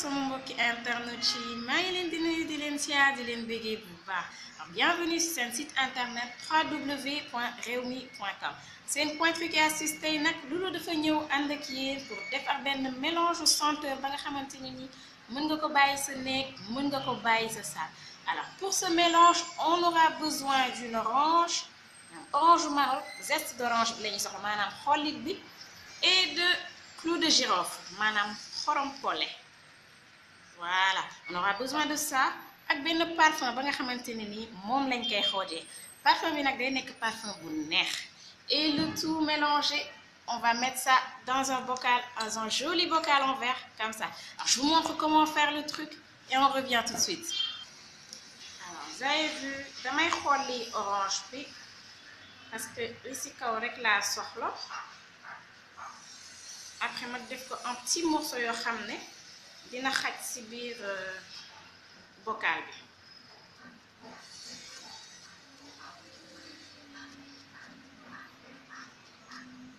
sama mbokki internet ci maa ngi leen di nuyu di leen siyaar di leen bégee bu baax bienvenue ci seen site internet www.rewmi.com seen point efficace tey nag loolu dafa ñëw ànd ak yéen pour defar benn mélange senteur ba nga xamante ni nii mën nga ko bàyyi sa néeg mun nga ko bàyyi sa salle alors pour ce mélange on aura besoin d'une orange orange marron zeste d'orange bi la ñu soxla maanaam xollit bi et de clou de girofle maanaam xorom pole on aura besoin de sa ak benn parfum ba nga xamante ne nii moom lañ koy xoojee parfum bi nag day nekk parfum bu neex et le tout mélangé on va mettre ça dans un bocal dans un joli bocal en verre comme ça alors je vous montre comment faire le truc et on revient tout de suite vous avez vu damay xool orange bi parce que li si kaw rek la soxla après ma def ko en petit morceau yoo xam ne. dina xaj ci biir bocal euh, bi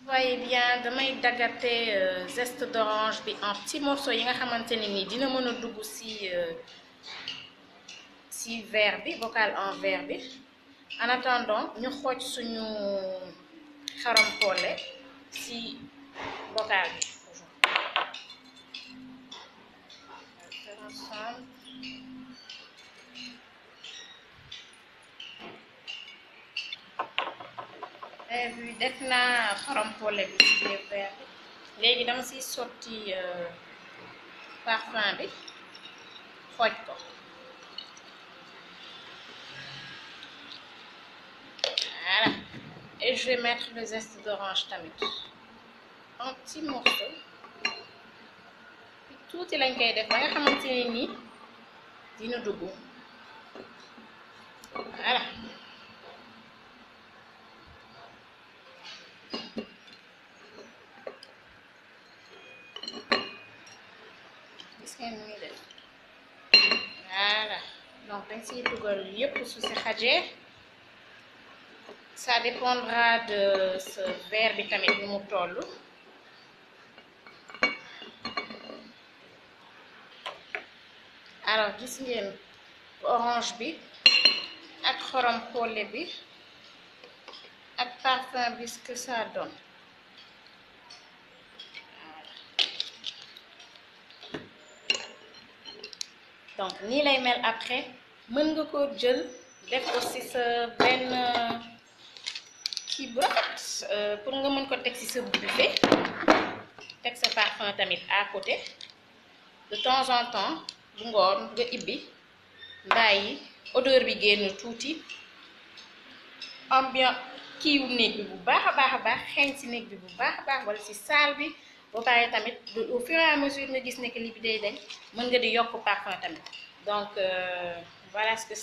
voyez bien damay daggate euh, zeste d'orange bi en petits morceaux yi nga xamante ne ni dina mën a dugg ci euh, ci verre bi bocal en verre bi en attendant ñu xooj suñu xaram ci bocal bi outra chave. et puis def naa xarampole bi ci biir verre bi léegi dama siy sotti euh, parfum bi xooj ko voilà et je vais le zeste d'orange tamit un petit morceau tuuti lañ koy def ba nga xamante ne nii dina dugg voilà donc dañ siy dugal yépp su si xajee ça dépendra de ce verre bi tamit ni mu toll alors gis ngeen orange bi ak xorom xoole bi ak parfum bi ce que ça donne donc nii lay mel après mën nga ko jël def ko ci sa benn kii bu euh, rafet pour nga mën ko teg ci sa buffet teg sa parfum tamit à côté de temps en temps bu ngoon nga ibbi bàyyi odeur bi génn tuuti ambiance kiiw néeg bi bu baax a baax a baax xeeñ si néeg bi bu baax a baax wala si saal bi boo paree tamit au fur et à mesure nga gis ne que li bi day dañ mën nga di yokk parfum tamit donc euh, voilà ce que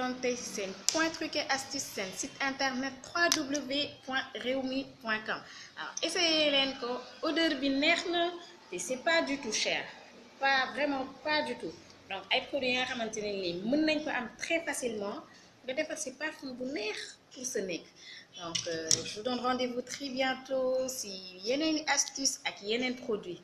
doon tey si seen point truc et astuce seen site internet www.rewmi.com alors essayez leen ko odeur bi neex na te c'est pas du tout cher pas vraiment pas du tout donc ay produits yi nga xamante ne nii mën nañ ko am très facilement nga defar si parfum bu neex pour sa nekk donc euh, je vous donne très bientôt si yeneen astuce ak yeneen produit